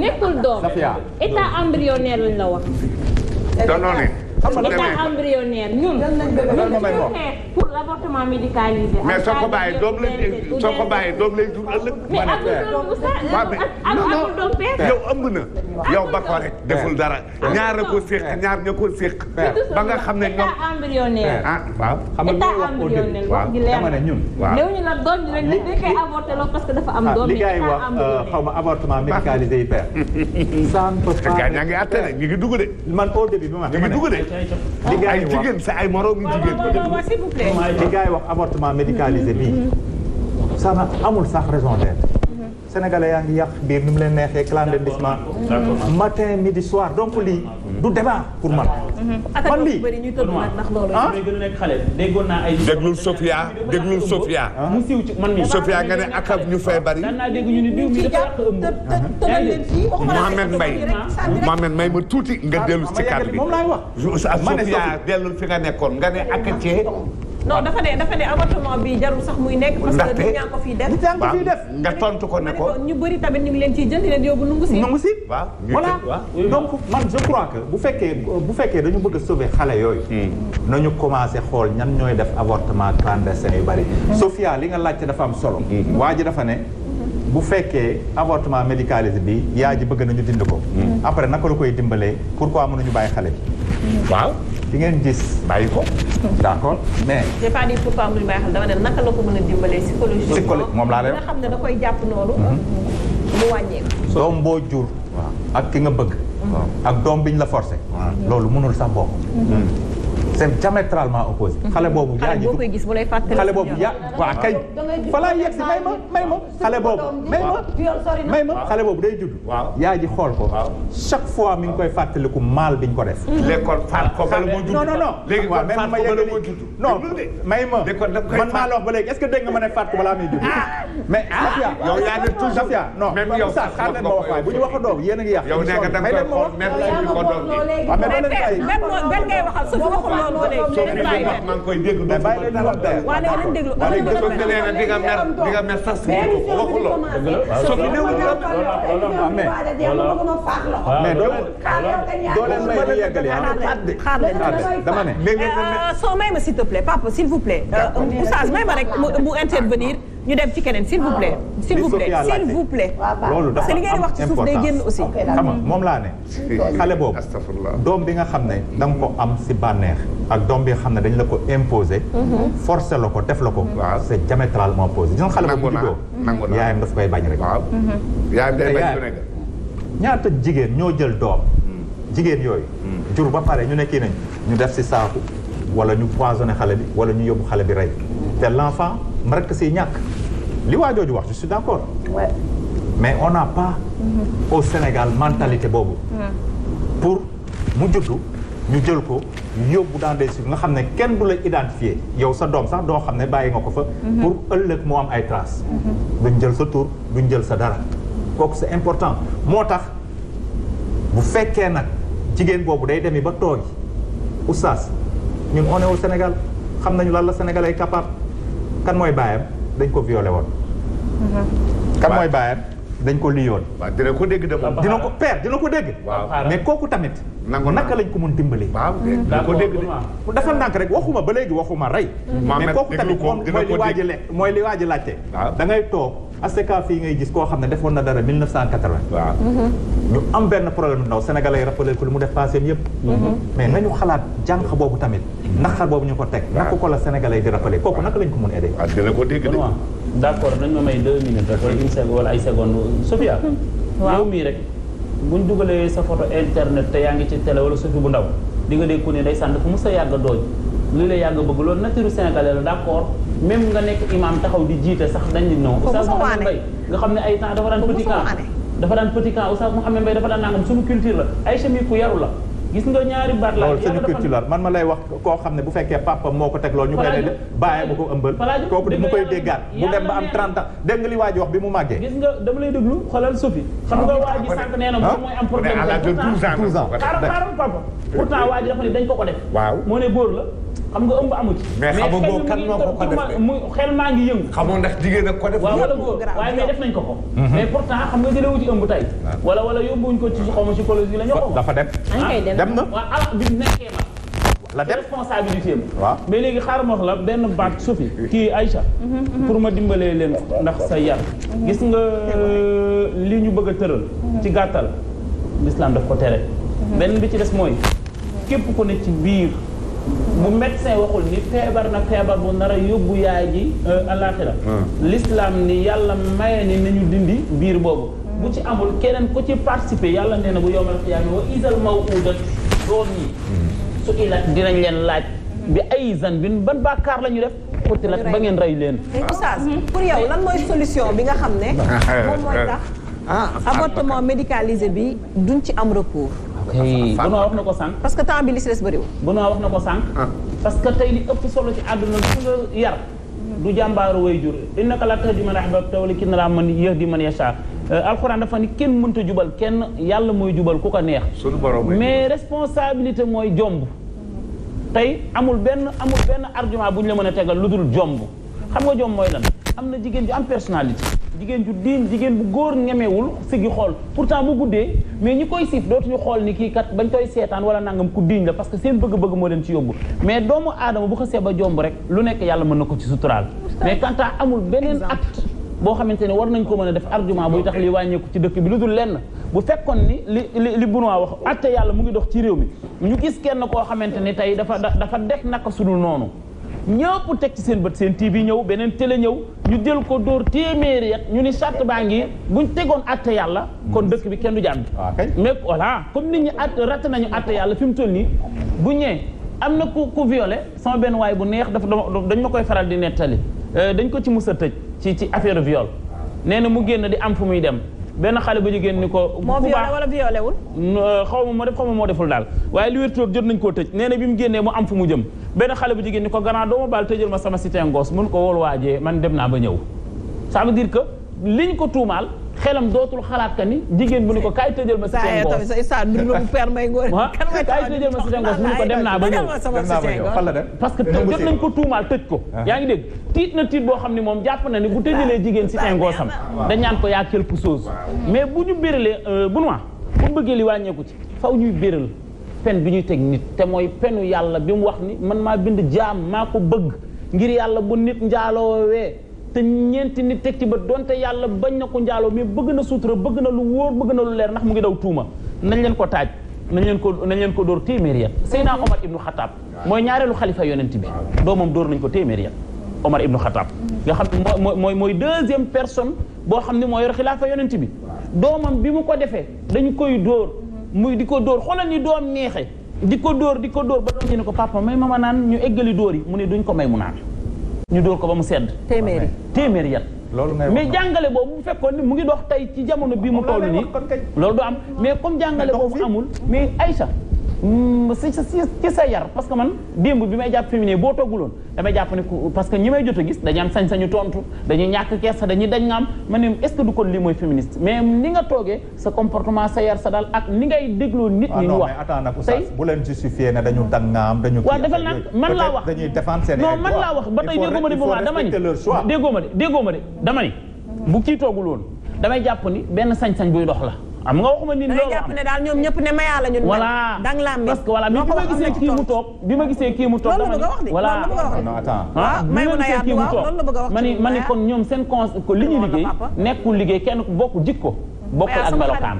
nekkul doom état embryonnaire lañ la wax. xam nga la embryonnaire ñun. pour l'avortement médicalisé. mais soo ko bàyyee doom lay soo ko bàyyee doom lay jur ëllëg. mais amul doom yow ëmb na yow ba ko rek deful dara. ñaar ko séq ñaar ña ko séq. ba nga xam ne ñoom état embryonnaire. Eh, ah waaw xam nga wax ko dégg waaw dama ne ñun. waaw néew ñu nag doom bi rek dañ koy avorté loo parce que dafa am ah, doom yi dafa am doom yi wax euh, xaw ma avortement médicalisé yi père. ça ne peut pas. ñu ngi dugg de. man au début bi ma. ñu ngi dugg de. li ay jigéen c'est ay moroom yu jigéen. s'il vous plaît. li gars yi wax avortement médicalisé bii. ça amul sax raison d'être. sénégalais yaa ngi yàq biir ni mu leen neexee clandestinement. matin midi soir donc lii. du mm-hmm. débat pour man. man mm-hmm. lii ah. déggoon naa ay. déglul Sofia déglul ah? Sofia. Ah? mu siiw ci man mii. Sofia nga ne akaf ñu fay bari. daan naa dégg ñu ne diw mi dafa ëmb. Ah? Mohamed Mbaye Mohamed Mbaye ma tuuti nga dellu si kàddu bi. moom laay wax. Sofia dellul fi nga nekkoon nga ne ak cee. no dafa ne dafa ne avortement bi jarul sax muy nekk. parce que nit ko fiy def ndaxte waaw nga tontu ko ne ko. ñu bëri tamit ñu leen ciy jënd leen yóbbu nungu si. nungu si waaw donc man je crois que bu fekkee bu fekkee dañu bëgg a sauver xale yooyu. Hmm. nañu commencé xool ñan ñooy def avortement clandestin yu bëri. Hmm. Sofia li nga laajte dafa am solo. Hmm. waa ji dafa ne. bu fekkee avortement médicalisé bi yaa ji bëgg nañu dind ko. après naka la koy dimbalee pourquoi mënuñu bàyyi xale bi. waaw. di ngeen gis bàyyi ko. d' accord mais. j'ai pas dit pourquoi muy dama ne naka la ko mën a dimbalee moom laa lay xam ne da jàpp noonu. Mhm. mu wàññeeku. doom boo ak ki nga bëgg. Mhm. ak doom biñ la forcé loolu mënul sax bokk. Mhm. c'est diamétralement opposé. Mhm. xale boobu yaa jiitu xale boobu yaa waaw kay. falaa yegg si may ma may ma xale boobu may ma may ma xale boobu day judd. yaa ji xool ko. chaque fois mi ngi koy fàttaliku maal bi ñu ko def. l'école faat ko bala moo judd. non non non léegi kon faat ko bala moo judd. non may ma man maa la wax ba léegi est-ce que dégg nga ma ne faat ko balaa muy judd. Ah. mais ah, Safia yow yaa ne toujours Safia non Moussa xaar leen ma wax waaye bu ñu wax a doom yéen a ngi yàq. yow nee nga da nga koy xool même laaj bi ko doom bi. waaw ah, mais non loolee léegi bàyyi leen maa ngi koy dégg mais bàyyi leen wax dara waaw léegi nañ déglu wax dëgg dëgg nee na di nga mer di nga mer sas ko waxu loo sofi néew di am mais mais doo doo leen may di yeggali ah, xaar leen dama ne léegi euh, soo may ma s'il te plaît papa s'il vous plaît euh, oustaz may ma rek mu intervenir ñu dem ci keneen s'il vous plaît. loolu dafa am importance aussi. xam moom laa ne. xale boobu doom bi nga xam ne da ko am si bànneex. ak doom bi nga xam ne dañ la ko imposer. Mhm. force la ko def la ko. waaw c' est diamétralement opposé. nangu xale bu juddoo yaayam daf koy bañ rek. waaw mhm. yaayam day rek. ñaata jigéen ñoo jël doom. Hmm. jigéen yooyu. Hmm. jur ba pare ñu ne kii ñu def si saaku wala ñu poisonné xale bi wala ñu yóbbu xale bi rek te l' enfant rek si ñàkk li waa jooju wax je suis d'accord ouais. mais on n'a pas mm Sénégal mentalité boobu mm. pour mu juddu ñu jël ko yóbbu dans des nga xam ne kenn du la identifié yow sa doom sax doo xam ne bàyyi nga ko fa mm-hmm. pour ëllëg moo am ay traces mm-hmm. duñ jël sa tur duñ jël sa dara kooku c'est important moo tax bu fekkee nag jigéen boobu day demee ba yi oustaz ñun on est au Sénégal xam nañu lan la Sénégal ay kan mooy baayam dañ ko violé woon. Mhm. kan mooy baayam dañ ko liyoon. waaw dina ko dégg de dina ko per dina ko dégg. waaw mais kooku tamit. nangu naka lañ ko mun dimbali. waaw dina ko dégg de. dafa ndànk rek waxuma ba léegi waxuma rey. mais kooku tamit moom mooy li waaj a lekk mooy li waaj a laajte. da ngay toog. ASECA fii ngay gis koo xam ne defoon na dara 1980. waaw mhm. ñu am benn problème ndaw sénégalais yi rappelé ko lu mu def passé yëpp. Mhm. mais nañu xalaat jànq boobu tamit. xa mhm. boobu ñu ko teg. waaw naka ko la sénégalais di rappelé kooku naka lañ ko mun a aidé. ah dina ko dégg de. d' accord nañ ma may deux minutes sa photo internet te yaa ngi ci télé wala suufi bu ndaw di nga dégg ku ne day mu sa yàgg dooj li la yàgg bëgg loolu nature sénégalais la même nga nekk imam taxaw di jiite sax dañ di non oustaz Mouhamed xam ne ay temps dafa daan petit cas dafa daan petit cas dafa daan nangam suñu culture la ay chemi yaru la gis nga ñaari baat la man ma lay wax koo xam ne bu fekkee papa moo ko teg loolu ñu koy ne bàyyi ko ëmbal mu koy déggaat dem ba am 30 ans dégg nga bi mu màggee gis nga dama lay déglu xoolal Sophie xam nga waa ji sànq nee na moom ah? mooy am problème 12 ans 12 ans xaaral papa pourtant waa ji dafa ne dañ ko ko def waaw moo ne góor la xam nga ëmb amu ci. mais xamagoo kan moo ko ko defee mais xel maa ngi yëngu. xamoo ndax jigéen ak ko def. waaw wala góor waaye mais def nañ ko ko. Mhm. mais pourtant xam nga jëlee wu ci ëmb tey. wala wala yóbbuwuñ ko ci xaw ma psychologie la ñu ko. dafa dem dem na waaw ala bi nekkee ma. la dem responsabilité ma. waaw mais la benn baat suufi. kii Aïcha. Mhm, mhm. pour ma dimbalee leen ndax sa yar. gis nga euh, li ñu bëgg a tëral. ci gàttal l'islam daf ko tere. benn bi ci des mooy képp ko ne ci biir bu médecin waxul ni feebar na feebar bu nar yóbbu yaay ji euh, alaxira ah. lislaam ni yàlla maye ni nañu dindi biir boobu bu ci amul keneen ku ci participer yàlla nee na bu yowmal xiyaama wa isal mawudat doom yi su ilat dinañ leen laaj bi ay zan bi ban bàkkaar la ñu def xutilat ba ngeen rey leen oustaz pour yow lan mooy solution bi nga xam ne moom mooy tax ah. avortement médicalisé bi duñ ci am recours Benoît wax na ko sànq. parce que temps bi li si des bëriwul. Benoît wax na ko sànq. Ah. parce que tey li ëpp solo ci àdduna bi su la yar. du jàmbaaru way jur innaka laa tahdi man ahbabta walakinna Allaaha di yahdi man yashaa euh, alxuraan dafa ni kenn mënta jubal kenn yàlla mooy jubal ku ko neex. mais responsabilité mooy jomb. tey amul benn amul benn argument bu ñu la mën a tegal lu dul jomb xam nga jomb mooy lan am na jigéen ju am personnalité. jigéen ju diin jigéen bu góor ñemewul sigi xool pourtant bu guddee mais ñi koy siif dootuñu xool ni kii kat bañ koy seetaan wala nangam ku diiñ la parce que seen bëgg-bëgg moo leen ci yóbbu mais doomu aadama bu xasee ba jomb rek lu nekk yàlla mën na ko ci suturaal mais quant à amul beneen at boo xamante ne war nañ ko mën a def argument buy tax li wàññeeku ci dëkk bi lu dul lenn bu fekkoon ni li li li Benoît wax atte yàlla mu ngi dox ci réew mi ñu kenn koo xamante ni tey dafa dafa def naka sudul noonu ñëpp teg ci seen bët seen TV ñëw beneen tele ñëw ñu jël ko dóor téeméeri at ñu ni charte baa ngi ñu tegoon atte yàlla kon dëkk bi kenn du jàmm mais voilà comme nit ñi at ratt nañu atte yàlla fi mu toll nii bu ñëwee am na ku ku violé sama benn waay bu neex dafa dañ ma koy faral di nettali euh, dañ ko ci mus a tëj ci ci affaire viol nee na mu génn di am fu muy dem benn xale bu jigéen ni ko. moo violé wala violé wul. xaw ma moo def xaw ma moo deful daal waaye Liberté jot nañ koo tëj nee na bi mu génnee mu am fu mu jëm benn xale bu jigéen ni ko gannaaw doo ma baal tëjal ma sama cité ngoos mun ko wol waajee man dem naa ba ñëw ça veut dire liñ ko tuumaal. xelam dootul xalaat ka ni jigéen bu ni ko kaay tëjal ma si seen bu ni ko dem naa ba ñëw parce que jot nañ ko tuumaal tëj ko ah. yaa ngi dégg tiit na tiit boo xam ne moom jàpp na ni bu tëjalee ah. jigéen si seen goosam dañ naan ko yaa quelque chose mais bu ñu béralee euh, bu noir bu bëggee li wàññeeku ci faw ñuy béral pen bi ñuy teg nit te mooy penu yàlla bi mu wax ni man maa bind jaam maa ko bëgg ngir yàlla bu nit njaaloowee te ñeenti nit teg ci ba donte yàlla bañ na ko njaaloo mais bëgg na sutura bëgg na lu wóor bëgg na lu leer ndax mu ngi daw tuuma nañ leen ko taaj nañ leen ko nañ leen ko dóor téeméer yat seenaa Omar ibnu Xataab mooy ñaareelu xalifa yonent bi doomam dóor nañ ko téeméeri yat Omar ibnu Xataab nga xam ne mooy mooy mooy deuxième personne boo xam ne moo yor xilaafa yonent bi doomam bi mu ko defee dañu koy dóor muy di ko dóor xoolal ni doom neexe di ko dóor di ko dóor ba doom ji ne ko papa may mama naan ñu eggali dóor yi mu ne duñ ko may mu naan ñu dóor ko ba mu sedd. téeméeri téeméeri yat. loolu ngay mais jàngale boobu bu fekkoon ni mu ngi dox tey ci jamono bii mu toll nii. loolu du am mais comme jàngale boobu amul mi Aïcha Mm, si si sa yar parce que man démb bi may jàpp féminin boo togguloon damay jàpp ne parce que ñi may jot a gis dañu am sañ-sañu tontu dañuy ñàkk kersa dañuy dañ nga am ma ne est-ce que du kon lii mooy féministe mais ni nga toogee sa comportement sa yar sa daal ak ni ngay dégloo nit ñi ñu ah bu leen justifier ne dañu dañ nga am dañu waaw defal nag man wax non man laa wax ba tey déggoo ma de moom dama ni déggoo ma de dama ni bu kii damay jàpp ni benn sañ-sañ buy dox la am nga waxuma ni loolu jàpp ne daal ñoom ñëpp ne mayaa la ñun voilà dang la parce que voilà mais bi ma gisee kii toog bi ma gisee kii mu toog dama ni voilà ah, ah, bi ma ni kon ñoom seen cons ko li ñu liggéey nekkul liggéey kenn ku bokk jikko bokkul ak melokaan